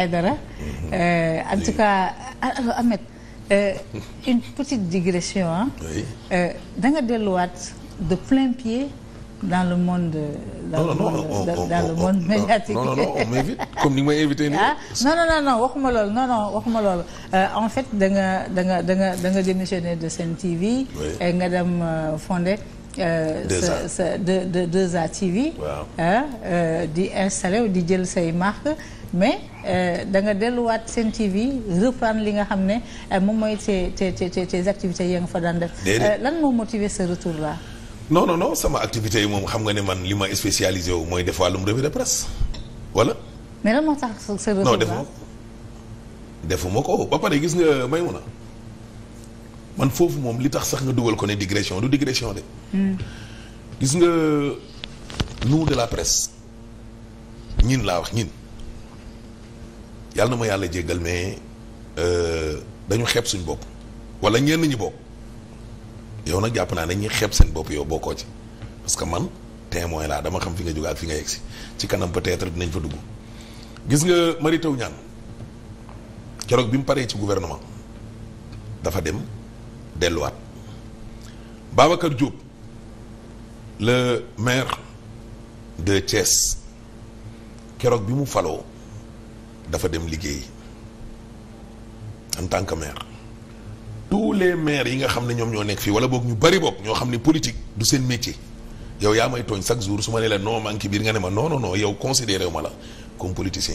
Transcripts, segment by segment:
Aïdara euh, en tout cas Ahmed euh, une petite digression ah delluwaat de plein pied dans le monde dans le monde médiatique non non on m'invite comme ni may invité nii ah, non waxuma loolu non non waxuma loolu en fait da danga da nga da de Sen TV nga dem fondé sa sa TV di installé di jël say marque mais Euh, da nga delluwaat seen TV reprendre li nga xam ne euh, moom mooy tes tes tes tes activités yi nga fa daan def. Euh, lan moo motiver ce retour là. non non non sama activité yi moom xam nga ne man li ma spécialisé wu mooy def wàllum revue de presse wala. mais lan moo tax sa retour là non defuma ko defuma ba pare gis nga may mun a man foofu moom li tax sax nga dugal ko ne digression du digression de. Hmm. gis nga nous de la presse ñin laa wax ñin. yàlla na ma yàlla jéggal mais euh, dañu xeeb suñ bokk wala ñenn ñi bokk yow nag jàpp naa ne ñi xeeb seen bopp yow bokkoo ci parce que man témoin laa dama xam fi nga jóge ak fi nga si ci kanam peut-être dinañ fa dugg gis nga Mary Teuw Niane keroog bi mu paree ci gouvernement dafa dem delluwaat Babacar Diop le maire de Thiès keroog bi mu faloo dafa dem liggéey en tant que maire tous les maires yi nga xam ne ñoom ñoo nekk fii wala boog ñu bari boog ñoo xam ne politique du seen métier yow yaa may tooñ chaque jour su ma ne la non maa ngi ci biir nga ne ma non non non yow ma la comme politicien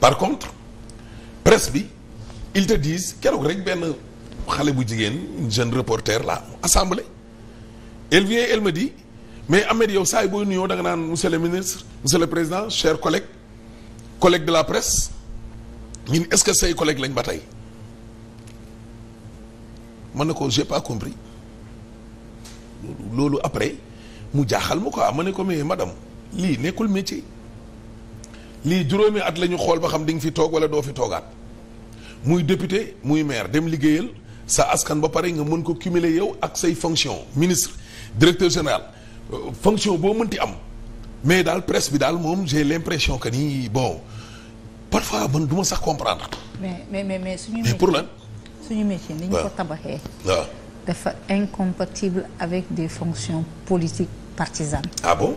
par contre presse bi ils te disent keroog rek benn xale bu jigéen jeune reporter la assemblée elle vient elle me dit mais Ahmed yow saa yi booy nuyoo da nga naan monsieur le ministre monsieur le président chers collègue de la presse ñun est-ce que say collègue lañ ba tey ma ne ko j'ai pas compris loolu après mu jaaxal ma am ma ne ko mais madam lii nekkul métier lii juróome at la ñu xool ba xam di nga fi toog wala doo fi toogaat muy député muy maire dem liggéeyal sa askan ba pare nga mën ko cumuler yow ak say fonction ministre directeur général euh, fonction boo mënti am mais daal presse bi daal moom j'ai l'impression que ni bon parfois man du ma sax comprendre. mais mais mais mais suñu. mais pour lan suñu métier ni ñu ko tabaxee. waaw dafa incompatible avec des fonctions politiques partisanes. ah bon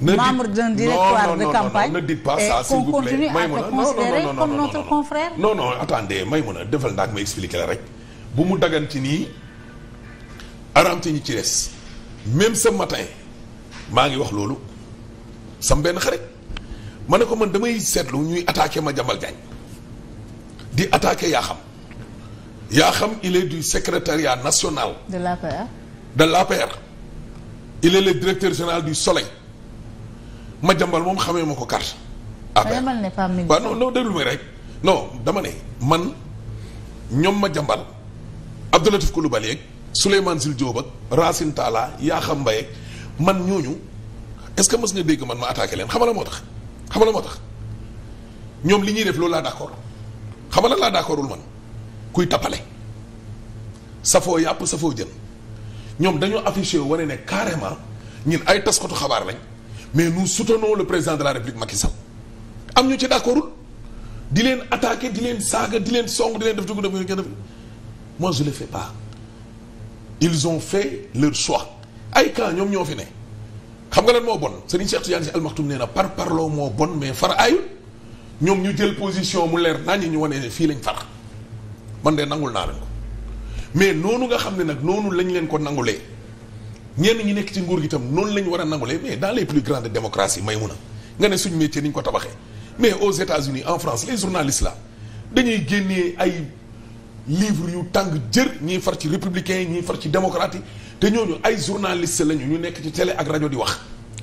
membre d'un directoire de campagne ne dites pas ça s'il vous plaît Maïmouna non non non comme notre confrère non non attendez Maïmouna defal ndaak ma expliquer la rek bu mu dagan ci nii araam ci ñi ci des même ce matin maa ngi wax loolu sam benn xarit ma ne ko man damay seetlu ñuy attaqué ma jambal jaañ di attaqué yaa xam yaa xam il est du secrétariat national de l'APR de l'APR il est le directeur général du Soleil ma jambal moom xamee ma ko carte. affaire waaw non non ma rek non dama ne man ñoom ma jàmbal Abdoulatif Coulibaly ak Souleymane Jules Diop ak Racine Talla Yakham Mbaye ak man ñooñu est-ce que mës nga dégg man ma attaqué leen xamala moo tax xamala moo tax ñoom li ñuy def loolu laa d'accord xamala laa d'accordul man kuy tappale safoo yàpp safoo jën ñoom dañoo affiché wane ne carrément ñun ay taskatu xabaar lañ mais nous soutenons le président de la République Macky Sall am ñu ci d'accordul di leen attaquer di leen saaga di leen song di leen def dugg def ngeen def moi je le fais pas ils ont fait leur choix ay camp ñoom ñoo fi ne xam nga lan moo bon Serigne Cheikh Tidiane Sy Al Maktoum par par loo moo bon mais far aayul ñoom ñu jël position mu leer nañu ñu wonee fii lañ far man de nangul naa leen ko mais noonu nga xam ne nag noonu lañ leen ko nangulee. ñenn ñi nekk ci nguur gi tam noonu la ñu war a nangulee mais dans les plus grandes démocraties may mun a nga ne suñu métier ni ñu ko tabaxee mais aux États-Unis en France les journalistes là dañuy génnee ay livres yu tàng jër ñii far ci républicains yi ñiy far ci démocrates yi te ñooñu ay journalistes lañu ñu nekk ci télé ak rajo di wax.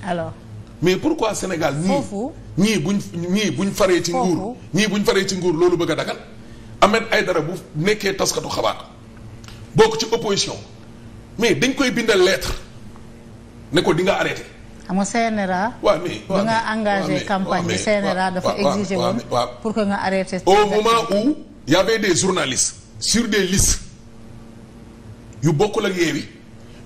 alors mais quoi Sénégal. foofu ñii buñ ñii buñ faree ci nguur ñii buñ faree ci nguur loolu bëgg a dagal. ay dara bu nekkee taskatu xabaar bokk ci opposition mais dañ koy bindal lettre. ne ko di nga arrêté. xam nga CNRA. waaw mais waaw mais nga engagé campagne bi CNRA dafa exiger waa pour que nga arrêté. au moment où y avait des journalistes sur des listes yu bokkul ak Yewwi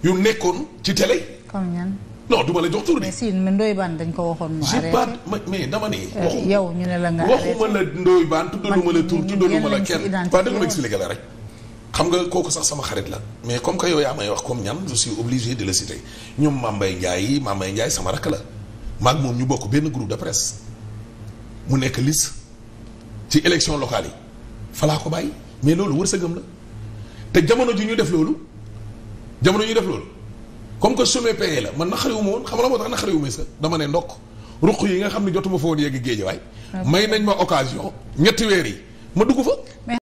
yu nekkoon ci télé. comme ñan. non du ma la jox tur bi. mais si Ndoye Bane dañ ko waxoon mu arrêté. mais dama ne. Euh, waxu yow ñu ne la nga arrêté waxuma la Ndoye Bane tuddaluma la tur tuddaluma la kenn. waaw dëgg ma expliqué rek. xam nga kooku sax sama xarit la mais comme que yow yaa may wax comme ñan je suis obligé de le citer ñoom may Mbaye Ndiaye Mame Mbaye Ndiaye sama rakk la maag moom ñu bokk benn groupe de presse mu nekk lis ci élection locale yi falaa ko bàyyi mais loolu wërsëgam la te jamono ji ñu def loolu jamono ji ñu def loolu comme que sommet payé la man naqariwuma woon xam la moo tax naqariwuma sax dama ne ndokk ruq yi nga xam ne jotuma foofu woon yegg géejawaay may nañ weer yi